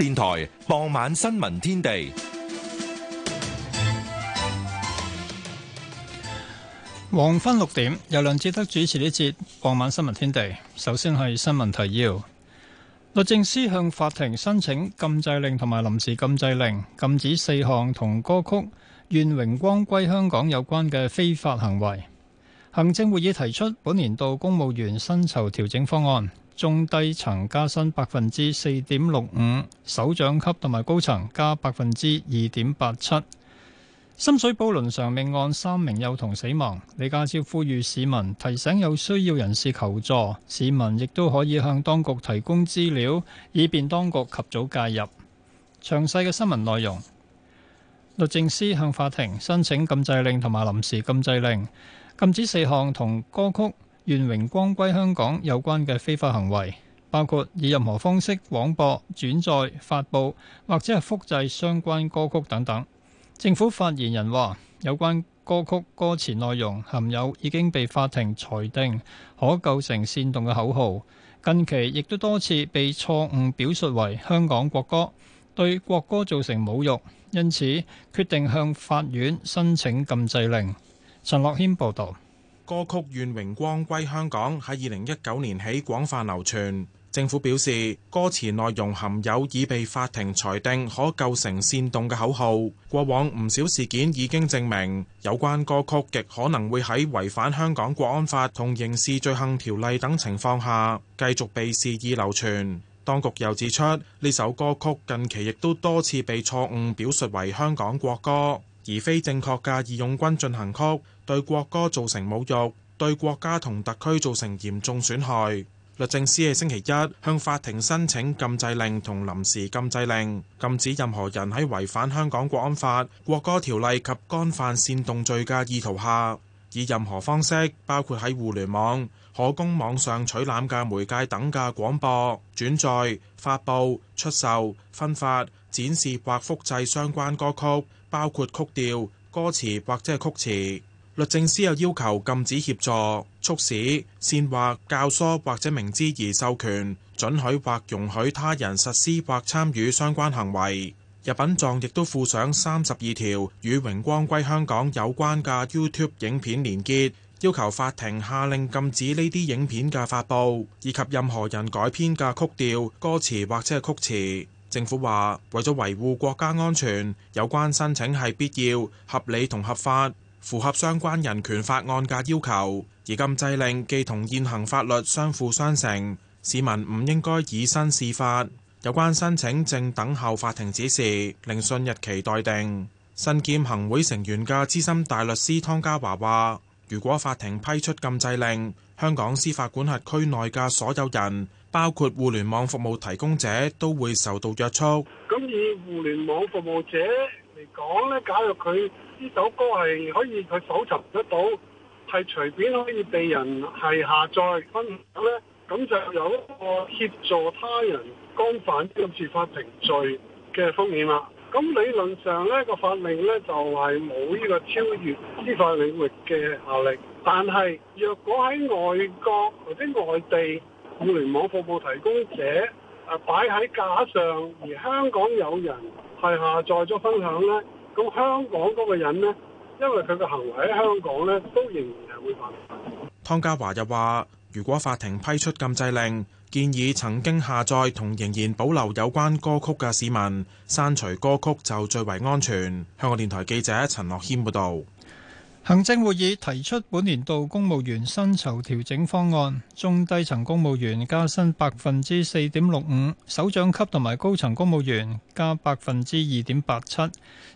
電台傍晚新聞天地，黃昏六點由梁志德主持呢節傍晚新聞天地。首先係新聞提要，律政司向法庭申請禁制令同埋臨時禁制令，禁止四項同歌曲《願榮光歸香港》有關嘅非法行為。行政會議提出本年度公務員薪酬調整方案。中低層加薪百分之四點六五，首長級同埋高層加百分之二點八七。深水埗倫常命案三名幼童死亡，李家超呼籲市民提醒有需要人士求助，市民亦都可以向當局提供資料，以便當局及早介入。詳細嘅新聞內容，律政司向法庭申請禁制令同埋臨時禁制令，禁止四項同歌曲。願榮光歸香港有關嘅非法行為，包括以任何方式廣播、轉載、發布或者係複製相關歌曲等等。政府發言人話有關歌曲歌詞內容含有已經被法庭裁定可構成煽動嘅口號，近期亦都多次被錯誤表述為香港國歌，對國歌造成侮辱，因此決定向法院申請禁制令。陳樂謙報道。歌曲《願榮光歸香港》喺二零一九年起廣泛流傳。政府表示，歌詞內容含有已被法庭裁定可構成煽動嘅口號。過往唔少事件已經證明，有關歌曲極可能會喺違反香港國安法同刑事罪行條例等情況下，繼續被肆意流傳。當局又指出，呢首歌曲近期亦都多次被錯誤表述為香港國歌，而非正確嘅義勇軍進行曲。對國歌造成侮辱，對國家同特區造成嚴重損害。律政司喺星期一向法庭申請禁制令同臨時禁制令，禁止任何人喺違反香港國安法、國歌條例及干犯煽動罪嘅意圖下，以任何方式，包括喺互聯網、可供網上取覽嘅媒介等嘅廣播、轉載、發佈、出售、分發、展示或複製相關歌曲，包括曲調、歌詞或者曲詞。律政司又要求禁止協助、促使、煽惑、教唆，或者明知而授權准許或容許他人實施或參與相關行為。入禀狀亦都附上三十二條與榮光歸香港有關嘅 YouTube 影片連結，要求法庭下令禁止呢啲影片嘅發布以及任何人改編嘅曲調、歌詞或者係曲詞。政府話為咗維護國家安全，有關申請係必要、合理同合法。符合相關人權法案嘅要求，而禁制令既同現行法律相輔相成，市民唔應該以身試法。有關申請正等候法庭指示，聆訊日期待定。新劍行會成員嘅資深大律師湯家驊話，如果法庭批出禁制令，香港司法管轄區內嘅所有人，包括互聯網服務提供者，都會受到約束。咁以互聯網服務者嚟講呢，假若佢呢首歌係可以去搜尋得到，係隨便可以被人係下載分享呢，咁就有一個協助他人干犯呢個司法程序嘅風險啦。咁理論上呢，呢個法令呢就係冇呢個超越司法領域嘅效力。但係若果喺外國或者外地互聯網服務提供者啊擺喺架上，而香港有人係下載咗分享呢。到香港嗰個人咧，因為佢嘅行為喺香港咧，都仍然係會犯法。湯家驊又話，如果法庭批出禁制令，建議曾經下載同仍然保留有關歌曲嘅市民刪除歌曲就最為安全。香港電台記者陳樂謙報道。行政會議提出本年度公務員薪酬調整方案，中低層公務員加薪百分之四點六五，首長級同埋高層公務員加百分之二點八七，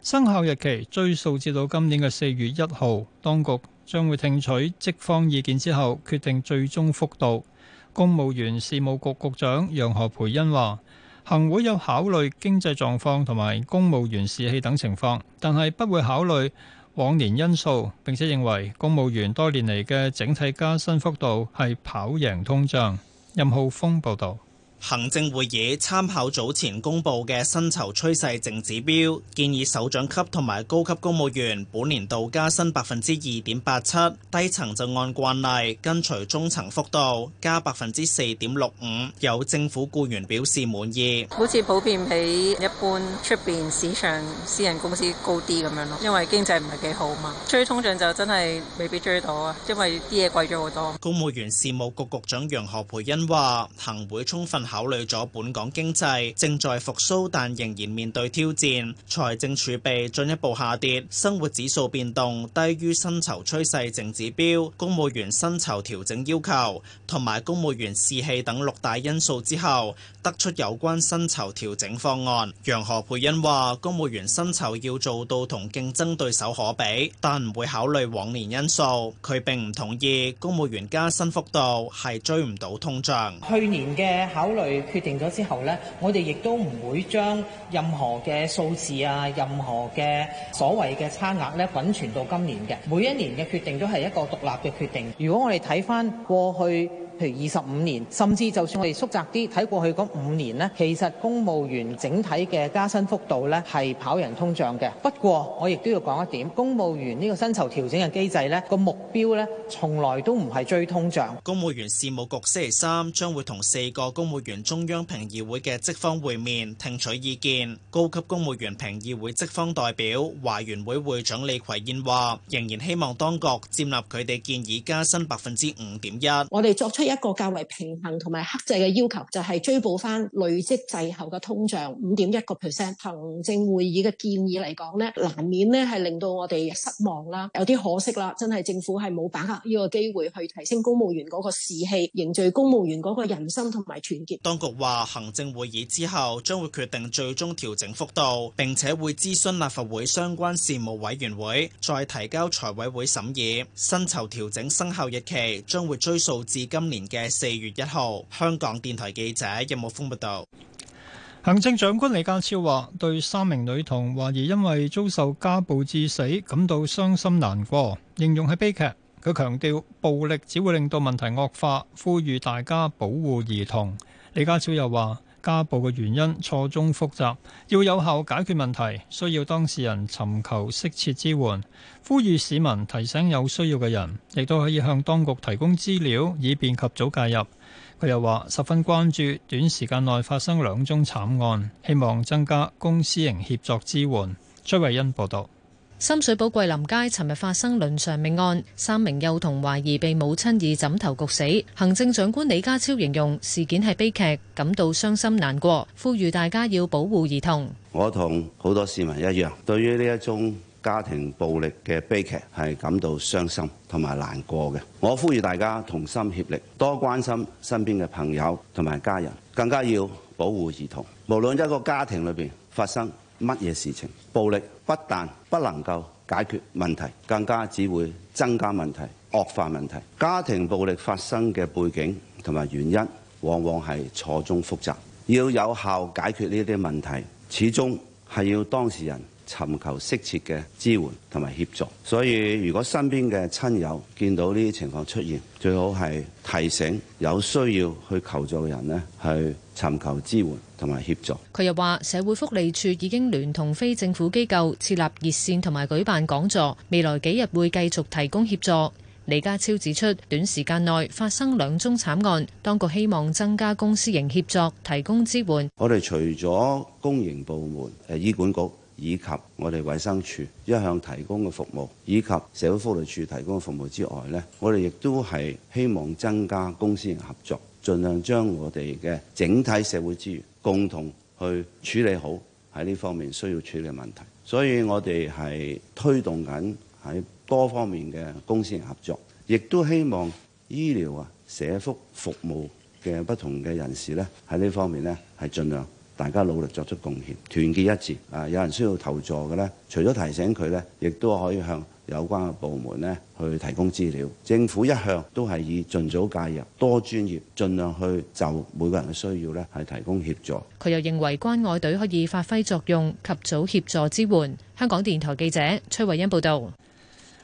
生效日期追溯至到今年嘅四月一號。當局將會聽取職方意見之後，決定最終幅度。公務員事務局局長楊何蓓茵話，行會有考慮經濟狀況同埋公務員士氣等情況，但係不會考慮。往年因素，並且認為公務員多年嚟嘅整體加薪幅度係跑贏通脹，任浩峰報道。行政會議參考早前公布嘅薪酬趨勢淨指標，建議首長級同埋高級公務員本年度加薪百分之二點八七，低層就按慣例跟隨中層幅度加百分之四點六五。有政府僱員表示滿意，好似普遍比一般出邊市場、私人公司高啲咁樣咯，因為經濟唔係幾好嘛，追通脹就真係未必追到啊，因為啲嘢貴咗好多。公務員事務局局，局長楊何培恩話，行會充分，考慮咗本港經濟正在復甦，但仍然面對挑戰；財政儲備進一步下跌，生活指數變動低於薪酬趨勢淨指標，公務員薪酬調整要求同埋公務員士氣等六大因素之後，得出有關薪酬調整方案。楊何蓓茵話：公務員薪酬要做到同競爭對手可比，但唔會考慮往年因素。佢並唔同意公務員加薪幅度係追唔到通脹。去年嘅考類決定咗之後咧，我哋亦都唔會將任何嘅數字啊，任何嘅所謂嘅差額咧，滾存到今年嘅。每一年嘅決定都係一個獨立嘅決定。如果我哋睇翻過去。譬如二十五年，甚至就算我哋縮窄啲，睇過去嗰五年咧，其實公務員整體嘅加薪幅度咧係跑贏通脹嘅。不過我亦都要講一點，公務員呢個薪酬調整嘅機制咧，個目標咧從來都唔係追通脹。公務員事務局星期三將會同四個公務員中央評議會嘅職方會面，聽取意見。高級公務員評議會職方代表華員會會長李葵燕話，仍然希望當局接納佢哋建議加薪百分之五點一。我哋作出。一個較為平衡同埋克制嘅要求，就係追補翻累積滯後嘅通脹五點一個 percent。行政會議嘅建議嚟講呢難免呢係令到我哋失望啦，有啲可惜啦。真係政府係冇把握呢個機會去提升公務員嗰個士氣，凝聚公務員嗰個人心同埋團結。當局話，行政會議之後將會決定最終調整幅度，並且會諮詢立法會相關事務委員會，再提交財委會審議。薪酬調整生效日期將會追溯至今年年嘅四月一號，香港電台記者任武峰報道。行政長官李家超話，對三名女童懷疑因為遭受家暴致死感到傷心難過，形容係悲劇。佢強調，暴力只會令到問題惡化，呼籲大家保護兒童。李家超又話。家暴嘅原因錯綜複雜，要有效解決問題，需要當事人尋求適切支援。呼籲市民提醒有需要嘅人，亦都可以向當局提供資料，以便及早介入。佢又話十分關注短時間內發生兩宗慘案，希望增加公私營協作支援。崔慧欣報道。深水埗桂林街，尋日發生倫常命案，三名幼童懷疑被母親以枕頭焗死。行政長官李家超形容事件係悲劇，感到傷心難過，呼籲大家要保護兒童。我同好多市民一樣，對於呢一宗家庭暴力嘅悲劇係感到傷心同埋難過嘅。我呼籲大家同心協力，多關心身邊嘅朋友同埋家人，更加要保護兒童。無論一個家庭裏邊發生乜嘢事情，暴力，不但不能夠解決問題，更加只會增加問題、惡化問題。家庭暴力發生嘅背景同埋原因，往往係錯綜複雜。要有效解決呢啲問題，始終係要當事人尋求適切嘅支援同埋協助。所以，如果身邊嘅親友見到呢啲情況出現，最好係提醒有需要去求助嘅人呢，去。尋求支援同埋協助。佢又話：社會福利署已經聯同非政府機構設立熱線同埋舉辦講座，未來幾日會繼續提供協助。李家超指出，短時間內發生兩宗慘案，當局希望增加公私營協助，提供支援。我哋除咗公營部門、誒、呃、醫管局以及我哋衛生署一向提供嘅服務，以及社會福利署提供嘅服務之外呢，我哋亦都係希望增加公私營合作。盡量將我哋嘅整體社會資源共同去處理好喺呢方面需要處理嘅問題，所以我哋係推動緊喺多方面嘅公私營合作，亦都希望醫療啊、社福服務嘅不同嘅人士呢喺呢方面呢係盡量大家努力作出貢獻，團結一致啊！有人需要求助嘅呢，除咗提醒佢呢，亦都可以向有關嘅部門咧，去提供資料。政府一向都係以盡早介入、多專業，儘量去就每個人嘅需要咧，係提供協助。佢又認為關愛隊可以發揮作用，及早協助支援。香港電台記者崔慧欣報道，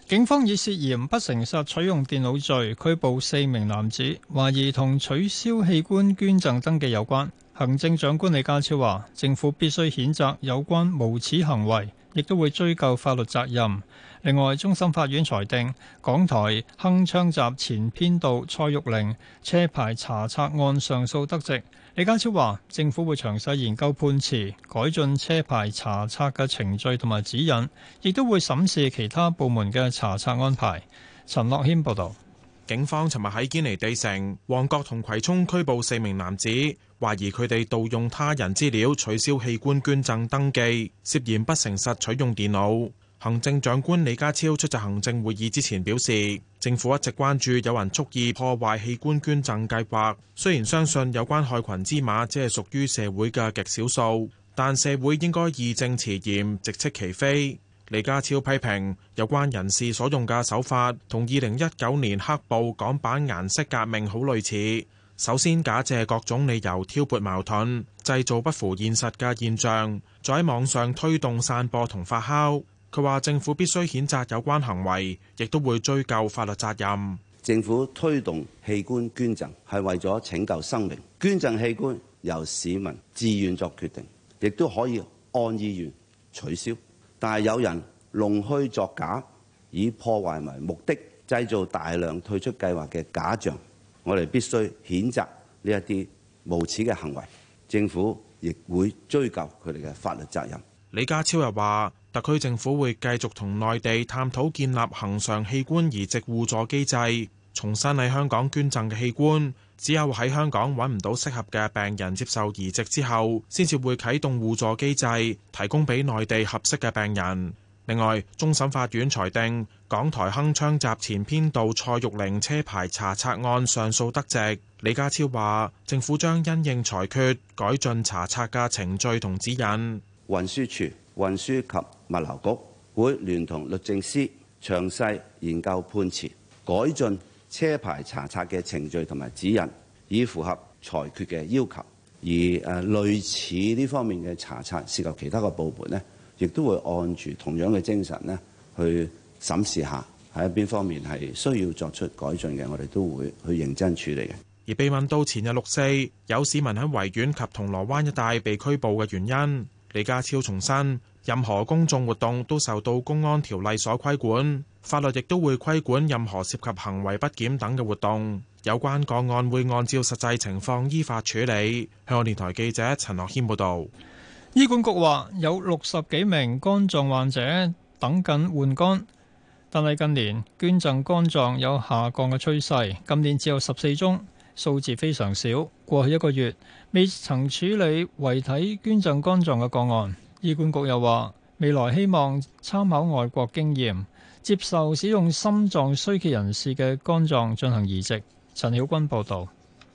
警方以涉嫌不誠實取用電腦罪拘捕四名男子，懷疑同取消器官捐贈登記有關。行政長官李家超話：政府必須譴責有關無恥行為，亦都會追究法律責任。另外，中心法院裁定港台《鏗鏘集》前編導蔡玉玲車牌查冊案上訴得直。李家超話：政府會詳細研究判詞，改進車牌查冊嘅程序同埋指引，亦都會審視其他部門嘅查冊安排。陳樂軒報導。警方尋日喺堅尼地城、旺角同葵涌拘捕四名男子。懷疑佢哋盜用他人資料取消器官捐贈登記，涉嫌不誠實取用電腦。行政長官李家超出席行政會議之前表示，政府一直關注有人蓄意破壞器官捐贈計劃。雖然相信有關害群之馬只係屬於社會嘅極少數，但社會應該義正辭嚴，直斥其非。李家超批評有關人士所用嘅手法同二零一九年黑暴港版顏色革命好類似。首先，假借各種理由挑撥矛盾，製造不符現實嘅現象，再喺網上推動散播同發酵。佢話政府必須譴責有關行為，亦都會追究法律責任。政府推動器官捐贈係為咗拯救生命，捐贈器官由市民自願作決定，亦都可以按意願取消。但係有人弄虛作假，以破壞為目的，製造大量退出計劃嘅假象。我哋必須譴責呢一啲無恥嘅行為，政府亦會追究佢哋嘅法律責任。李家超又話，特區政府會繼續同內地探討建立恒常器官移植互助機制，重新喺香港捐贈嘅器官，只有喺香港揾唔到適合嘅病人接受移植之後，先至會啟動互助機制，提供俾內地合適嘅病人。另外，終審法院裁定港台鏗鏘集前編導蔡玉玲車牌查冊案上訴得直。李家超話：政府將因應裁決，改進查冊嘅程序同指引。運輸署、運輸及物流局會聯同律政司詳細研究判詞，改進車牌查冊嘅程序同埋指引，以符合裁決嘅要求。而誒類似呢方面嘅查冊涉及其他嘅部門咧。亦都會按住同樣嘅精神咧，去審視下喺邊方面係需要作出改進嘅，我哋都會去認真處理嘅。而被問到前日六四有市民喺維園及銅鑼灣一帶被拘捕嘅原因，李家超重申，任何公眾活動都受到公安條例所規管，法律亦都會規管任何涉及行為不檢等嘅活動。有關個案會按照實際情況依法處理。香港電台記者陳樂謙報導。醫管局話有六十幾名肝臟患者等緊換肝。但係近年捐贈肝臟有下降嘅趨勢，今年只有十四宗，數字非常少。過去一個月未曾處理遺體捐贈肝臟嘅個案。醫管局又話未來希望參考外國經驗，接受使用心臟衰竭人士嘅肝臟進行移植。陳曉君報道。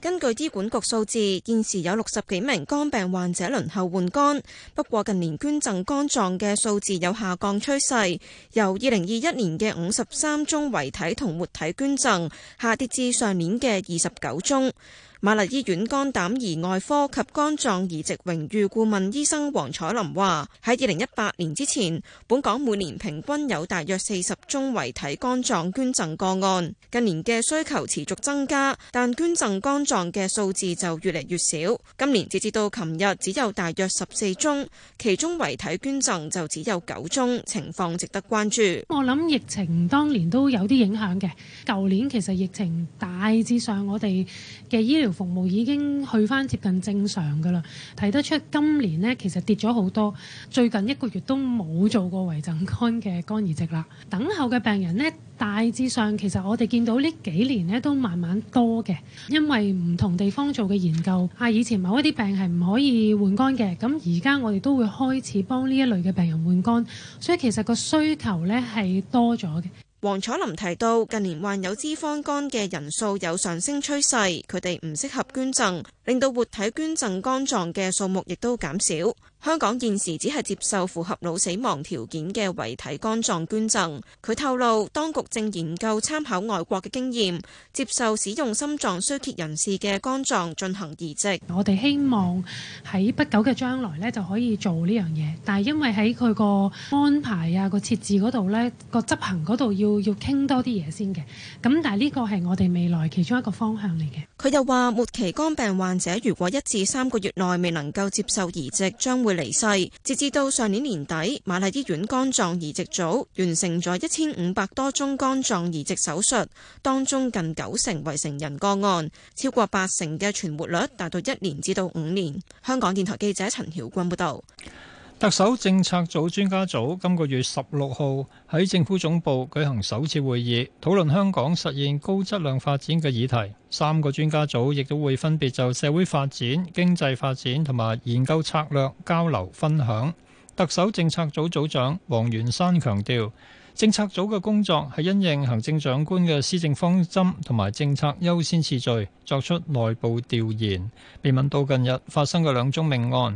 根據醫管局數字，現時有六十幾名肝病患者輪候換肝。不過近年捐贈肝臟嘅數字有下降趨勢，由二零二一年嘅五十三宗遺體同活體捐贈，下跌至上年嘅二十九宗。瑪麗醫院肝膽胰外科及肝臟移植榮譽顧問醫生黃彩琳話：喺二零一八年之前，本港每年平均有大約四十宗遺體肝臟捐贈個案。近年嘅需求持續增加，但捐贈肝臟嘅數字就越嚟越少。今年截至到琴日，只有大約十四宗，其中遺體捐贈就只有九宗，情況值得關注。我諗疫情當年都有啲影響嘅，舊年其實疫情大致上我哋嘅醫療。服務已經去返接近正常㗎啦，睇得出今年呢，其實跌咗好多，最近一個月都冇做過遺贈肝嘅肝移植啦。等候嘅病人呢，大致上其實我哋見到呢幾年呢都慢慢多嘅，因為唔同地方做嘅研究，啊以前某一啲病係唔可以換肝嘅，咁而家我哋都會開始幫呢一類嘅病人換肝，所以其實個需求呢係多咗嘅。黃楚霖提到，近年患有脂肪肝嘅人數有上升趨勢，佢哋唔適合捐贈，令到活體捐贈肝臟嘅數目亦都減少。香港現時只係接受符合腦死亡條件嘅遺體肝臟捐贈，佢透露，當局正研究參考外國嘅經驗，接受使用心臟衰竭人士嘅肝臟進行移植。我哋希望喺不久嘅將來咧，就可以做呢樣嘢。但係因為喺佢個安排啊、個設置嗰度咧、個執行嗰度要要傾多啲嘢先嘅。咁但係呢個係我哋未來其中一個方向嚟嘅。佢又話：末期肝病患者如果一至三個月內未能夠接受移植，將會離世。截至到上年年底，瑪麗醫院肝臟移植組完成咗一千五百多宗肝臟移植手術，當中近九成為成人個案，超過八成嘅存活率達到一年至到五年。香港電台記者陳曉君報道。特首政策組專家組今個月十六號喺政府總部舉行首次會議，討論香港實現高質量發展嘅議題。三個專家組亦都會分別就社會發展、經濟發展同埋研究策略交流分享。特首政策組組長黃元山強調，政策組嘅工作係因應行政長官嘅施政方針同埋政策優先次序，作出內部調研。被問到近日發生嘅兩宗命案，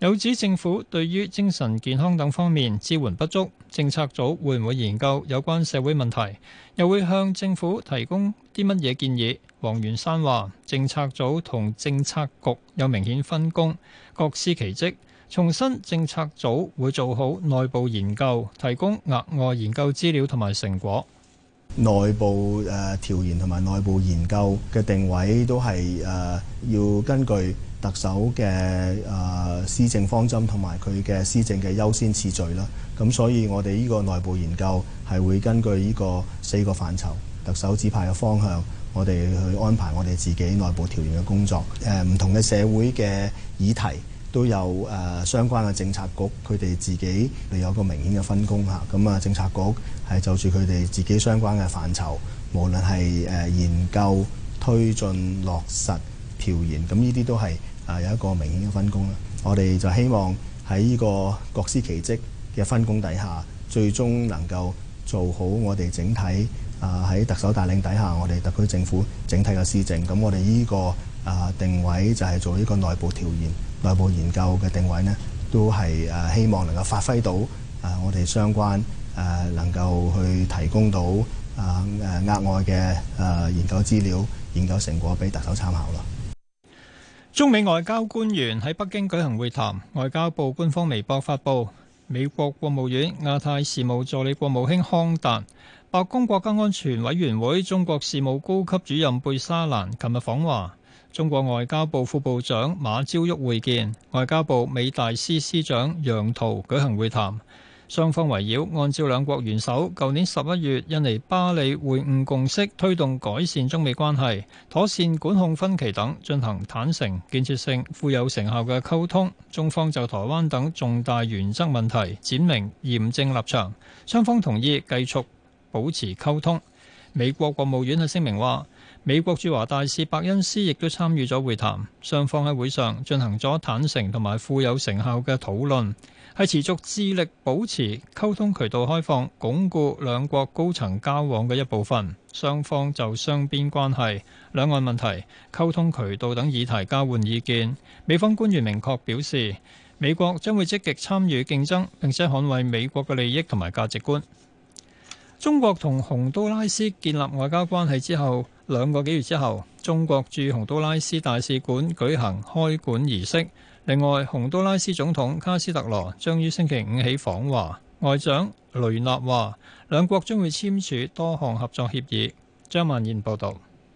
有指政府對於精神健康等方面支援不足，政策組會唔會研究有關社會問題，又會向政府提供啲乜嘢建議？黃元山話：政策組同政策局有明顯分工，各司其職，重申政策組會做好內部研究，提供額外研究資料同埋成果。內部誒調研同埋內部研究嘅定位都係誒要根據。特首嘅誒施政方針同埋佢嘅施政嘅優先次序啦，咁所以我哋呢個內部研究係會根據呢個四個範疇，特首指派嘅方向，我哋去安排我哋自己內部調研嘅工作。誒、呃、唔同嘅社會嘅議題都有誒、呃、相關嘅政策局，佢哋自己有個明顯嘅分工吓，咁啊，政策局係就住佢哋自己相關嘅範疇，無論係誒、呃、研究、推進、落實、調研，咁呢啲都係。啊，有一個明顯嘅分工啦。我哋就希望喺呢個各司其職嘅分工底下，最終能夠做好我哋整體啊喺特首帶領底下，我哋特區政府整體嘅施政。咁我哋呢、這個啊定位就係做呢個內部調研、內部研究嘅定位咧，都係誒，希望能夠發揮到誒、啊、我哋相關誒、啊、能夠去提供到啊誒額外嘅誒研究資料、研究成果俾特首參考咯。中美外交官員喺北京舉行會談。外交部官方微博發布，美國國務院亞太事務助理國務卿康達、白宮國家安全委員會中國事務高級主任貝沙蘭，琴日訪華。中國外交部副部長馬朝旭會見外交部美大司司長楊濤，舉行會談。雙方圍繞按照兩國元首舊年十一月印尼巴釐會晤共識推動改善中美關係、妥善管控分歧等進行坦誠、建設性、富有成效嘅溝通。中方就台灣等重大原則問題闡明嚴正立場。雙方同意繼續保持溝通。美國國務院嘅聲明話，美國駐華大使白恩斯亦都參與咗會談。雙方喺會上進行咗坦誠同埋富有成效嘅討論。係持續致力保持溝通渠道開放，鞏固兩國高層交往嘅一部分。雙方就雙邊關係、兩岸問題、溝通渠道等議題交換意見。美方官員明確表示，美國將會積極參與競爭，並且捍衛美國嘅利益同埋價值觀。中國同洪都拉斯建立外交關係之後，兩個幾月之後，中國駐洪都拉斯大使館舉行開館儀式。另外，洪都拉斯總統卡斯特羅將於星期五起訪華，外長雷納話兩國將會簽署多項合作協議。張曼燕報導。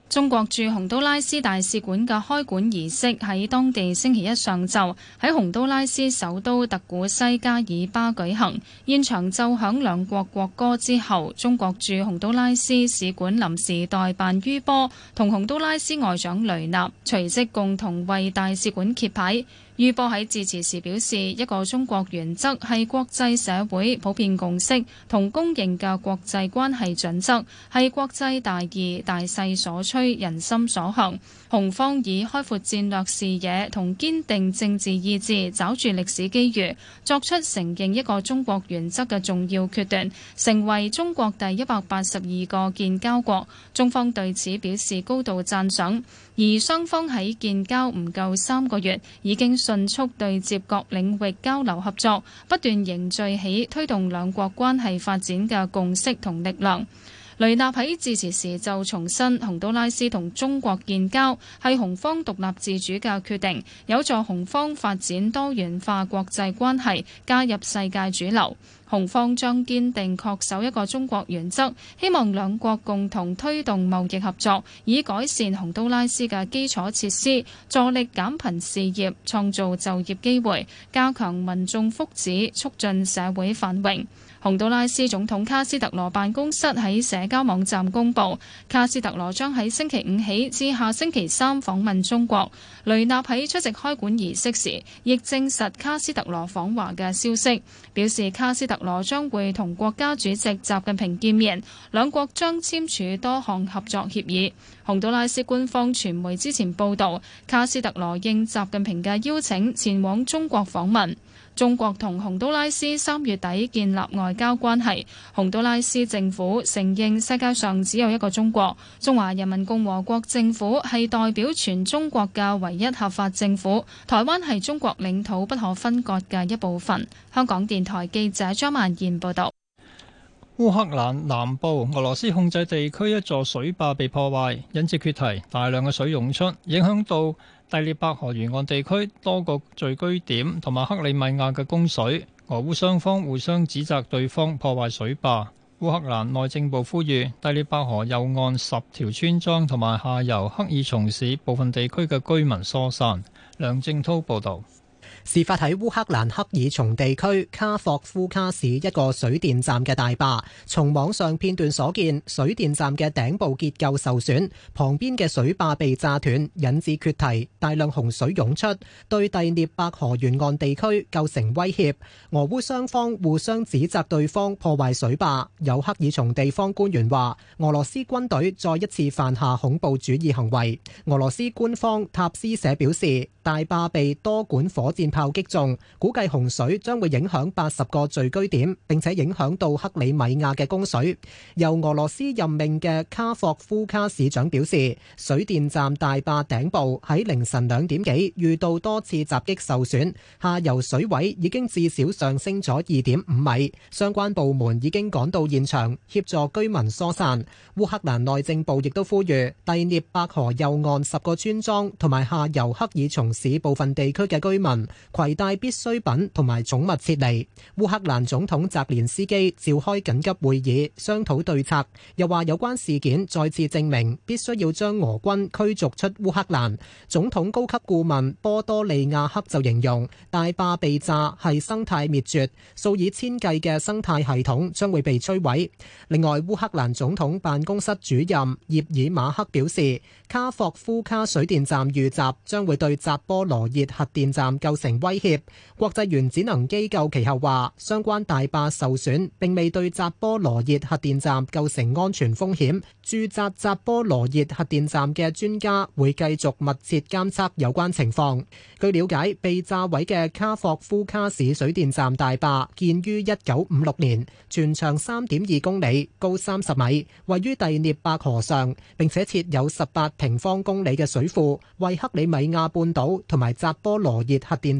中國駐洪都拉斯大使館嘅開館儀式喺當地星期一上晝喺洪都拉斯首都特古西加爾巴舉行，現場奏響兩國國歌之後，中國駐洪都拉斯使館臨時代辦於波同洪都拉斯外長雷納隨即共同為大使館揭牌。預報喺致辭時表示，一個中國原則係國際社會普遍共識同公認嘅國際關係準則，係國際大義大勢所趨、人心所向。紅方以開闊戰略視野同堅定政治意志，抓住歷史機遇，作出承認一個中國原則嘅重要決斷，成為中國第一百八十二個建交國。中方對此表示高度讚賞。而雙方喺建交唔夠三個月，已經迅速對接各領域交流合作，不斷凝聚起推動兩國關係發展嘅共識同力量。雷納喺致辭時就重申，洪都拉斯同中國建交係洪方獨立自主嘅決定，有助洪方發展多元化國際關係，加入世界主流。洪方將堅定恪守一個中國原則，希望兩國共同推動貿易合作，以改善洪都拉斯嘅基礎設施，助力減貧事業，創造就業機會，加強民眾福祉，促進社會繁榮。洪都拉斯總統卡斯特羅辦公室喺社交網站公布，卡斯特羅將喺星期五起至下星期三訪問中國。雷納喺出席開館儀式時，亦證實卡斯特羅訪華嘅消息，表示卡斯特羅將會同國家主席習近平見面，兩國將簽署多項合作協議。洪都拉斯官方傳媒之前報道，卡斯特羅應習近平嘅邀請前往中國訪問。中國同洪都拉斯三月底建立外交關係。洪都拉斯政府承認世界上只有一個中國，中華人民共和國政府係代表全中國嘅唯一合法政府。台灣係中國領土不可分割嘅一部分。香港電台記者張曼燕報道。烏克蘭南部俄羅斯控制地區一座水壩被破壞，引致決堤，大量嘅水湧出，影響到。第聶伯河沿岸地區多個聚居點同埋克里米亞嘅供水，俄烏雙方互相指責對方破壞水壩。烏克蘭內政部呼籲第聶伯河右岸十條村莊同埋下游赫爾松市部分地區嘅居民疏散。梁正滔報導。事發喺烏克蘭克爾松地區卡霍夫卡市一個水電站嘅大壩，從網上片段所見，水電站嘅頂部結構受損，旁邊嘅水壩被炸斷，引致決堤，大量洪水湧出，對第涅伯河沿岸，岸地區構成威脅。俄烏雙方互相指責對方破壞水壩，有克爾松地方官員話：俄羅斯軍隊再一次犯下恐怖主義行為。俄羅斯官方塔斯社表示，大壩被多管火箭炮擊中，估計洪水將會影響八十個聚居點，並且影響到克里米亞嘅供水。由俄羅斯任命嘅卡霍夫卡市長表示，水電站大壩頂部喺凌晨兩點幾遇到多次襲擊受損，下游水位已經至少上升咗二點五米。相關部門已經趕到現場協助居民疏散。烏克蘭內政部亦都呼籲第聶伯河右岸十個村莊同埋下游克爾松市部分地區嘅居民，攜帶必需品同埋寵物撤離。烏克蘭總統澤連斯基召開緊急會議商討對策，又話有關事件再次證明必須要將俄軍驅逐出烏克蘭。總統高級顧問波多利亞克就形容大壩被炸係生態滅絕，數以千計嘅生態系統將會被摧毀。另外，烏克蘭總統辦公室主任葉爾馬克表示，卡霍夫卡水電站遇襲將會對扎波羅熱核電站構成威脅國際原子能機構其後話，相關大壩受損，並未對扎波羅熱核電站構成安全風險。駐紮扎波羅熱核電站嘅專家會繼續密切監測有關情況。據了解，被炸毀嘅卡霍夫卡市水電站大壩建於一九五六年，全長三點二公里，高三十米，位於第聶伯河上，並且設有十八平方公里嘅水庫，為克里米亞半島同埋扎波羅熱核電。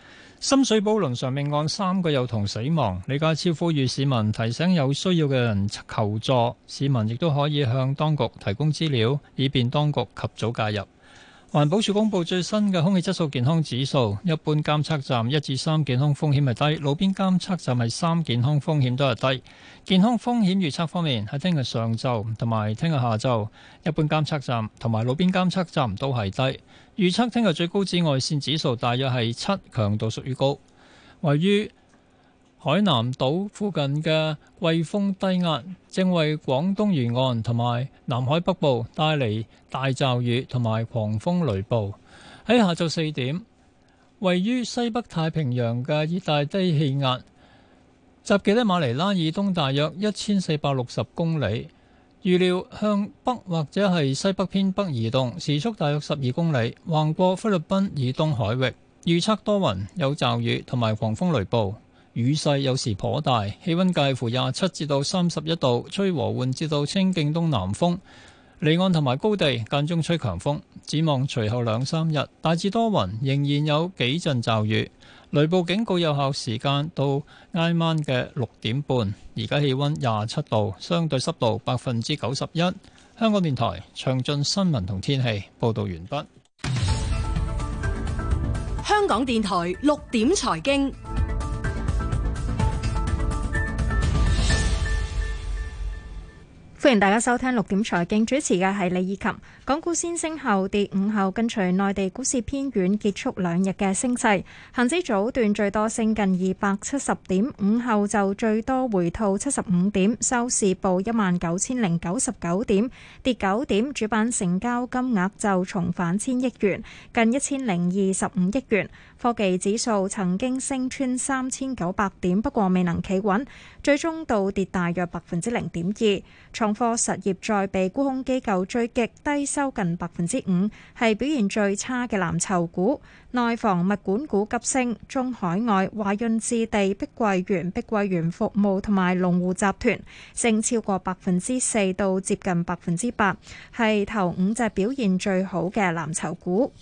深水埗倫常命案三個幼童死亡，李家超呼籲市民提醒有需要嘅人求助，市民亦都可以向當局提供資料，以便當局及早介入。環保署公布最新嘅空氣質素健康指數，一般監測站一至三健康風險係低，路邊監測站係三健康風險都係低。健康風險預測方面，喺聽日上晝同埋聽日下晝，一般監測站同埋路邊監測站都係低。預測聽日最高紫外線指數大約係七，強度屬於高。位於。海南島附近嘅季風低壓正為廣東沿岸同埋南海北部帶嚟大驟雨同埋狂風雷暴。喺下晝四點，位於西北太平洋嘅熱帶低氣壓集結喺馬尼拉以東大約一千四百六十公里，預料向北或者係西北偏北移動，時速大約十二公里，橫過菲律賓以東海域。預測多雲，有驟雨同埋狂風雷暴。雨勢有時頗大，氣溫介乎廿七至到三十一度，吹和緩至到清勁東南風，離岸同埋高地間中吹強風。展望隨後兩三日，大致多雲，仍然有幾陣驟雨。雷暴警告有效時間到挨晚嘅六點半。而家氣溫廿七度，相對濕度百分之九十一。香港電台詳盡新聞同天氣報道完畢。香港電台六點財經。歡迎大家收聽六點財經，主持嘅係李以琴。港股先升後跌，午後跟隨內地股市偏軟，結束兩日嘅升勢。恒指早段最多升近二百七十點，午後就最多回吐七十五點，收市報一萬九千零九十九點，跌九點。主板成交金額就重返千億元，近一千零二十五億元。科技指數曾經升穿三千九百點，不過未能企穩，最終倒跌大約百分之零點二。創科實業再被沽空機構追擊，低收近百分之五，係表現最差嘅藍籌股。內房物管股急升，中海外、華潤置地、碧桂園、碧桂園服務同埋龍湖集團，升超過百分之四到接近百分之八，係頭五隻表現最好嘅藍籌股。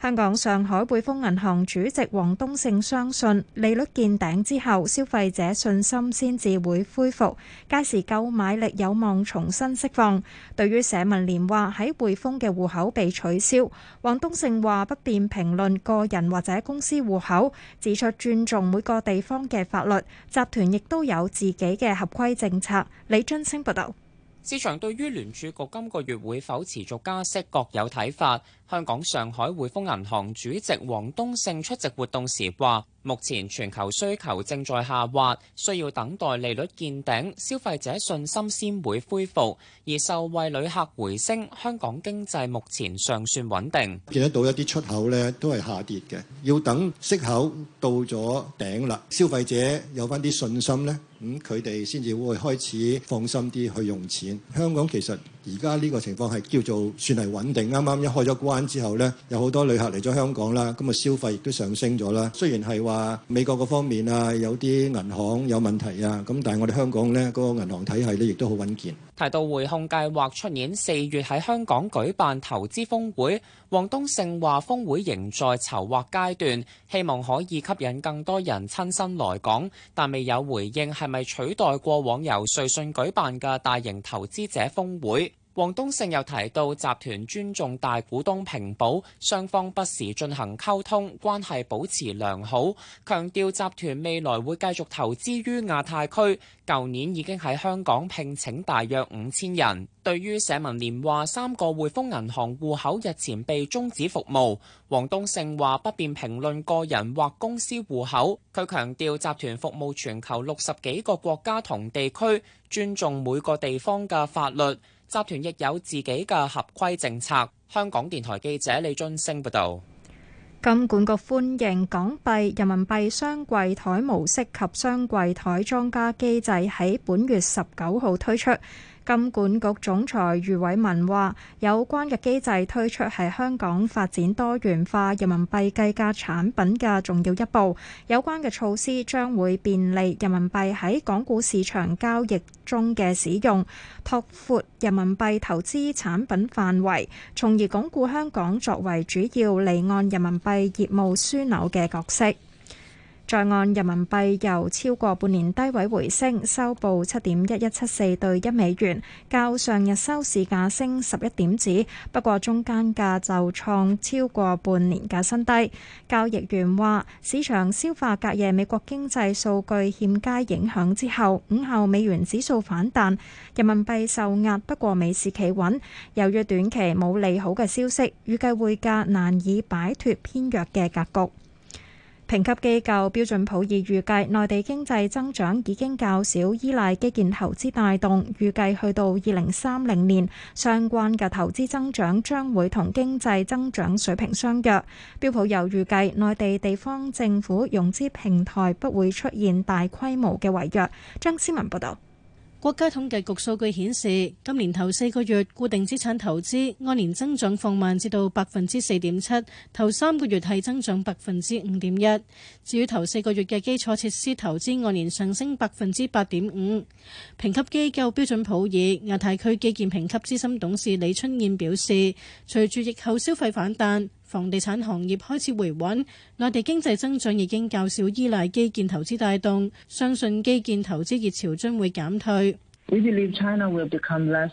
香港上海匯豐銀行主席王冬勝相信利率見頂之後消費者信心先至會恢復，屆時購買力有望重新釋放。對於社民連話喺匯豐嘅戶口被取消，王冬勝話不便評論個人或者公司戶口，指出尊重每個地方嘅法律，集團亦都有自己嘅合規政策。李津清報道，市場對於聯儲局今個月會否持續加息各有睇法。香港上海匯豐銀行主席王冬勝出席活動時話，目前全球需求正在下滑，需要等待利率見頂，消費者信心先會恢復，而受惠旅客回升，香港經濟目前尚算穩定。見得到一啲出口咧都係下跌嘅，要等息口到咗頂啦，消費者有翻啲信心咧，咁佢哋先至會開始放心啲去用錢，香港其實。而家呢個情況係叫做算係穩定。啱啱一開咗關之後呢，有好多旅客嚟咗香港啦，咁啊消費亦都上升咗啦。雖然係話美國嗰方面啊有啲銀行有問題啊，咁但係我哋香港呢個銀行體系呢，亦都好穩健。提到匯控計劃出年四月喺香港舉辦投資峰會，王冬勝話峰會仍在籌劃階段，希望可以吸引更多人親身來港，但未有回應係咪取代過往由瑞信舉辦嘅大型投資者峰會。黃東勝又提到，集團尊重大股東平保，雙方不時進行溝通，關係保持良好，強調集團未來會繼續投資於亞太區，舊年已經喺香港聘請大約五千人。對於社民連話三個匯豐銀行戶口日前被終止服務，黃東勝話不便評論個人或公司戶口。佢強調集團服務全球六十幾個國家同地區，尊重每個地方嘅法律。集團亦有自己嘅合規政策。香港電台記者李津升報道：「金管局歡迎港幣、人民幣雙櫃台模式及雙櫃台莊家機制喺本月十九號推出。金管局總裁余偉文話：有關嘅機制推出係香港發展多元化人民幣計價產品嘅重要一步，有關嘅措施將會便利人民幣喺港股市場交易中嘅使用，拓闊人民幣投資產品範圍，從而鞏固香港作為主要離岸人民幣業務樞紐嘅角色。在岸人民幣由超過半年低位回升，收報七點一一七四對一美元，較上日收市價升十一點子。不過，中間價就創超過半年嘅新低。交易員話：市場消化隔夜美國經濟數據欠佳影響之後，午後美元指數反彈，人民幣受壓。不過，美市企穩，由於短期冇利好嘅消息，預計匯價難以擺脱偏弱嘅格局。評級機構標準普爾預計，內地經濟增長已經較少依賴基建投資帶動，預計去到二零三零年，相關嘅投資增長將會同經濟增長水平相若。標普又預計，內地地方政府融資平台不會出現大規模嘅違約。張思文報道。國家統計局數據顯示，今年頭四個月固定資產投資按年增長放慢，至到百分之四點七。頭三個月係增長百分之五點一。至於頭四個月嘅基礎設施投資，按年上升百分之八點五。評級機構標準普爾亞太區基建評級資深董事李春燕表示，隨住疫後消費反彈。房地產行業開始回穩，內地經濟增長已經較少依賴基建投資帶動，相信基建投資熱潮將會減退。We believe China will become less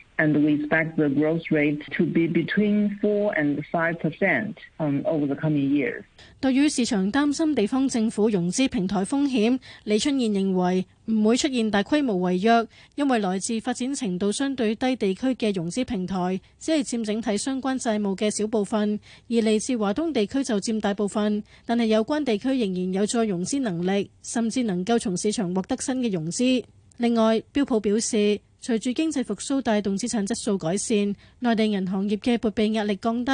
對於市場擔心地方政府融資平台風險，李春燕認為唔會出現大規模違約，因為來自發展程度相對低地區嘅融資平台，只係佔整體相關債務嘅小部分；而嚟自華東地區就佔大部分，但係有關地區仍然有再融資能力，甚至能夠從市場獲得新嘅融資。另外，標普表示，隨住經濟復甦帶動資產質素改善，內地銀行業嘅撥備壓力降低，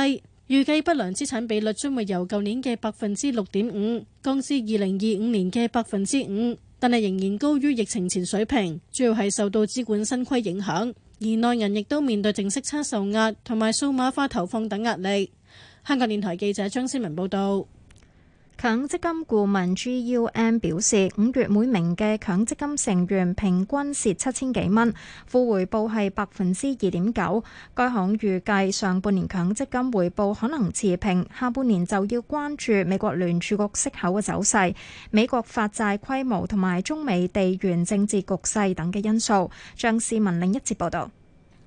預計不良資產比率將會由舊年嘅百分之六點五降至二零二五年嘅百分之五，但係仍然高於疫情前水平，主要係受到資管新規影響。而內人亦都面對淨息差受壓同埋數碼化投放等壓力。香港電台記者張思文報道。強積金顧問 GUM 表示，五月每名嘅強積金成員平均蝕七千幾蚊，負回報係百分之二點九。該行預計上半年強積金回報可能持平，下半年就要關注美國聯儲局息口嘅走勢、美國發債規模同埋中美地緣政治局勢等嘅因素。張市民另一節報道，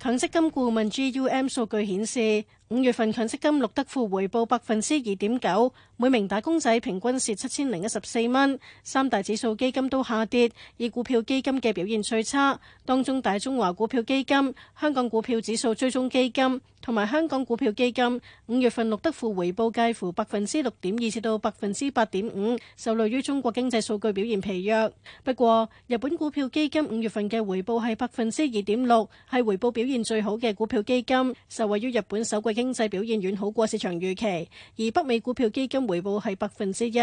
強積金顧問 GUM 數據顯示。五月份強積金錄得負回報百分之二點九，每名打工仔平均蝕七千零一十四蚊。三大指數基金都下跌，以股票基金嘅表現最差。當中大中華股票基金、香港股票指數追蹤基金同埋香港股票基金五月份錄得負回報介乎百分之六點二至到百分之八點五，受累於中國經濟數據表現疲弱。不過日本股票基金五月份嘅回報係百分之二點六，係回報表現最好嘅股票基金，受惠於日本首季經濟表現遠好過市場預期，而北美股票基金回報係百分之一。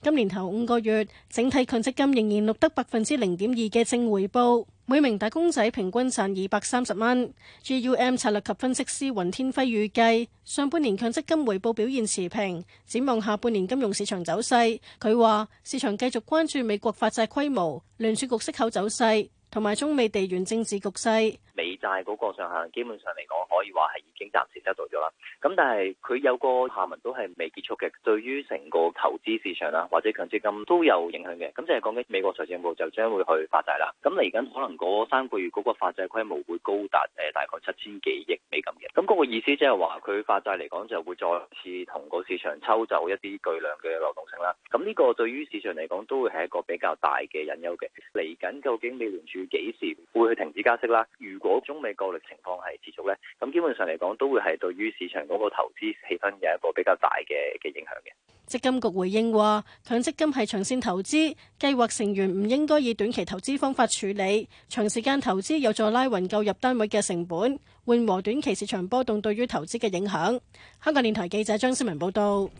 今年頭五個月，整體強積金仍然錄得百分之零點二嘅正回報，每名打工仔平均賺二百三十蚊。G U M 策略及分析師雲天輝預計，上半年強積金回報表現持平，展望下半年金融市場走勢，佢話市場繼續關注美國發債規模、聯儲局息口走勢同埋中美地緣政治局勢。債嗰個上限基本上嚟講，可以話係已經暫時得到咗啦。咁但係佢有個下文都係未結束嘅。對於成個投資市場啊，或者強積金都有影響嘅。咁即係講緊美國財政部就將會去發債啦。咁嚟緊可能嗰三個月嗰個發債規模會高達誒大概七千幾億美金嘅。咁嗰個意思即係話佢發債嚟講就會再次同個市場抽走一啲巨量嘅流動性啦。咁呢個對於市場嚟講都會係一個比較大嘅隱憂嘅。嚟緊究竟美聯儲幾時會去停止加息啦？如果？中美過力，情況係持續呢，咁基本上嚟講，都會係對於市場嗰個投資氣氛嘅一個比較大嘅嘅影響嘅。積金局回應話，強積金係長線投資，計劃成員唔應該以短期投資方法處理，長時間投資有助拉勻購入單位嘅成本，緩和短期市場波動對於投資嘅影響。香港電台記者張思文報道。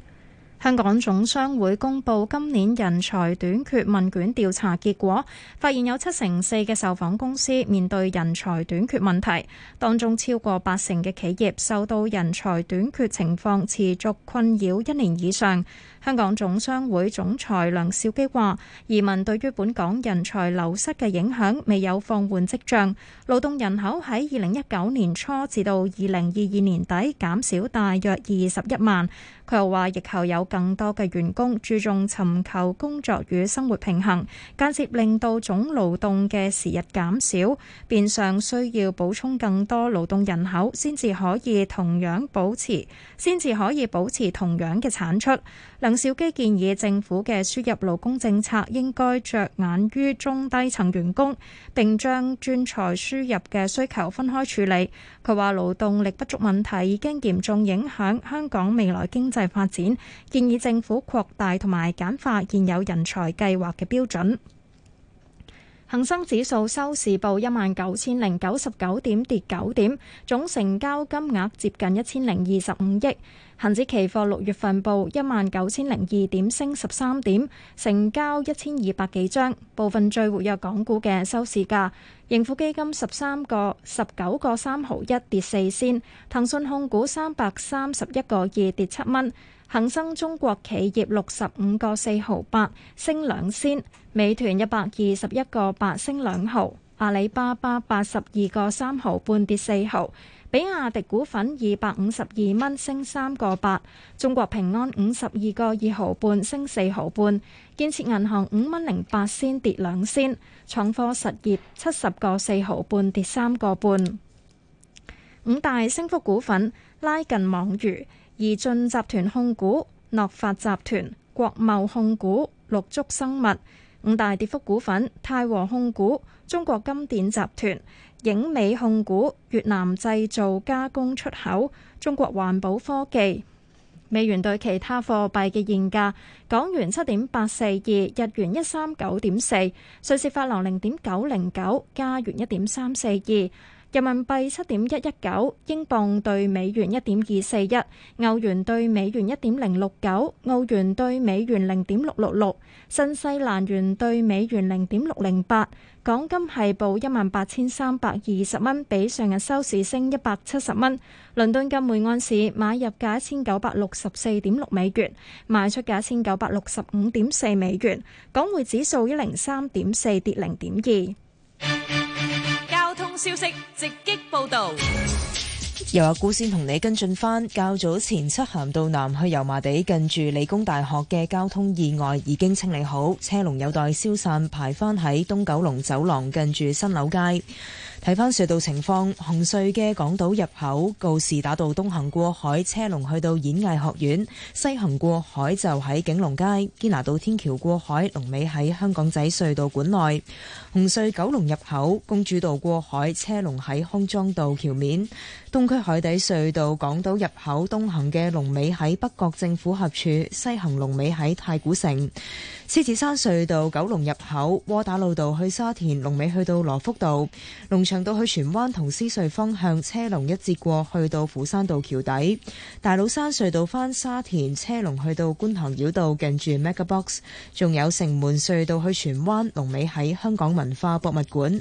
香港總商會公佈今年人才短缺問卷調查結果，發現有七成四嘅受訪公司面對人才短缺問題，當中超過八成嘅企業受到人才短缺情況持續困擾一年以上。香港總商會總裁梁兆基話移民對於本港人才流失嘅影響未有放緩跡象。勞動人口喺二零一九年初至到二零二二年底減少大約二十一萬，佢又話疫後有更多嘅員工注重尋求工作與生活平衡，間接令到總勞動嘅時日減少，變相需要補充更多勞動人口，先至可以同樣保持先至可以保持同樣嘅產出。梁兆基建議政府嘅輸入勞工政策應該着眼於中低層員工，並將專才輸入嘅需求分開處理。佢話勞動力不足問題已經嚴重影響香港未來經濟發展，建議政府擴大同埋簡化現有人才計劃嘅標準。恒生指數收市報一萬九千零九十九點，跌九點，總成交金額接近一千零二十五億。恒指期貨六月份報一萬九千零二點，升十三點，成交一千二百幾張。部分最活躍港股嘅收市價：盈富基金十三個十九個三毫一跌四仙，騰訊控股三百三十一個二跌七蚊，恒生中國企業六十五個四毫八升兩仙，美團一百二十一個八升兩毫。阿里巴巴八十二個三毫半跌四毫，比亞迪股份二百五十二蚊升三個八，中國平安五十二個二毫半升四毫半，建設銀行五蚊零八先跌兩先，創科實業七十個四毫半跌三個半。五大升幅股份，拉近網娛、而進集團控股、諾發集團、國貿控股、綠竹生物；五大跌幅股份，泰和控股、中國金典集團、影美控股、越南製造加工出口、中國環保科技。美元對其他貨幣嘅現價：港元七點八四二，日元一三九點四，瑞士法郎零點九零九，加元一點三四二，人民幣七點一一九，英鎊對美元一點二四一，歐元對美元一點零六九，澳元對美元零點六六六，新西蘭元對美元零點六零八。港金係報一萬八千三百二十蚊，18, 20, 比上日收市升一百七十蚊。倫敦金每安士買入價一千九百六十四點六美元，賣出價一千九百六十五點四美元。港匯指數一零三點四，跌零點二。交通消息直擊報道。又話古先同你跟進返較早前漆咸道南去油麻地近住理工大學嘅交通意外已經清理好，車龍有待消散，排返喺東九龍走廊近住新樓街。睇翻隧道情況，紅隧嘅港島入口告士打道東行過海車龍去到演藝學院，西行過海就喺景隆街、堅拿道天橋過海，龍尾喺香港仔隧道管內。紅隧九龍入口公主道過海車龍喺康莊道橋面。東區海底隧道港島入口東行嘅龍尾喺北角政府合署，西行龍尾喺太古城。獅子山隧道九龍入口窩打老道去沙田，龍尾去到羅福道，龍翔道去荃灣同獅隧方向車龍一截過去，去到斧山道橋底，大老山隧道翻沙田車龍去到觀塘繞道近住 Mega Box，仲有城門隧道去荃灣龍尾喺香港文化博物館。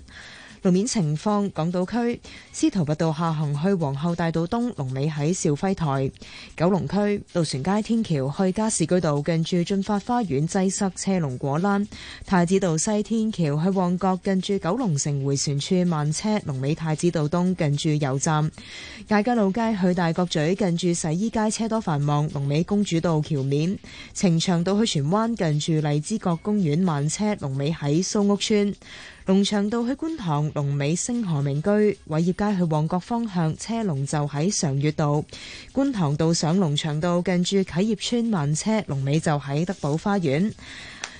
路面情況，港島區司徒拔道下行去皇后大道東，龍尾喺肇輝台；九龍區渡船街天橋去加士居道，近住駿發花園擠塞車龍果欄；太子道西天橋去旺角，近住九龍城回旋處慢車，龍尾太子道東近住油站；亞皆老街去大角咀，近住洗衣街車多繁忙，龍尾公主道橋面；呈祥道去荃灣，近住荔枝角公園慢車，龍尾喺蘇屋村。龍翔道去觀塘龍尾星河名居，偉業街去旺角方向車龍就喺常悅道；觀塘道上龍翔道近住啟業村慢車，龍尾就喺德寶花園。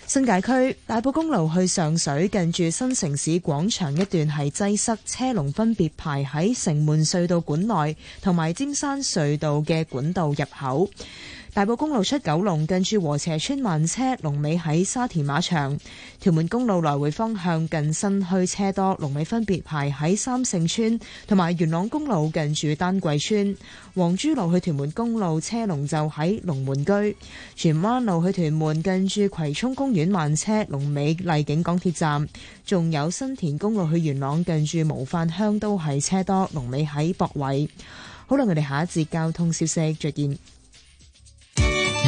新界區大埔公路去上水近住新城市廣場一段係擠塞車龍，分別排喺城門隧道管內同埋尖山隧道嘅管道入口。大埔公路出九龍近住禾輋邨慢車，龍尾喺沙田馬場。屯門公路來回方向近新墟車多，龍尾分別排喺三聖村同埋元朗公路近住丹桂村。皇珠路去屯門公路車龍就喺龍門居。荃灣路去屯門近住葵涌公園慢車，龍尾荔景港鐵站。仲有新田公路去元朗近住模範鄉都係車多，龍尾喺壆圍。好啦，我哋下一節交通消息，再見。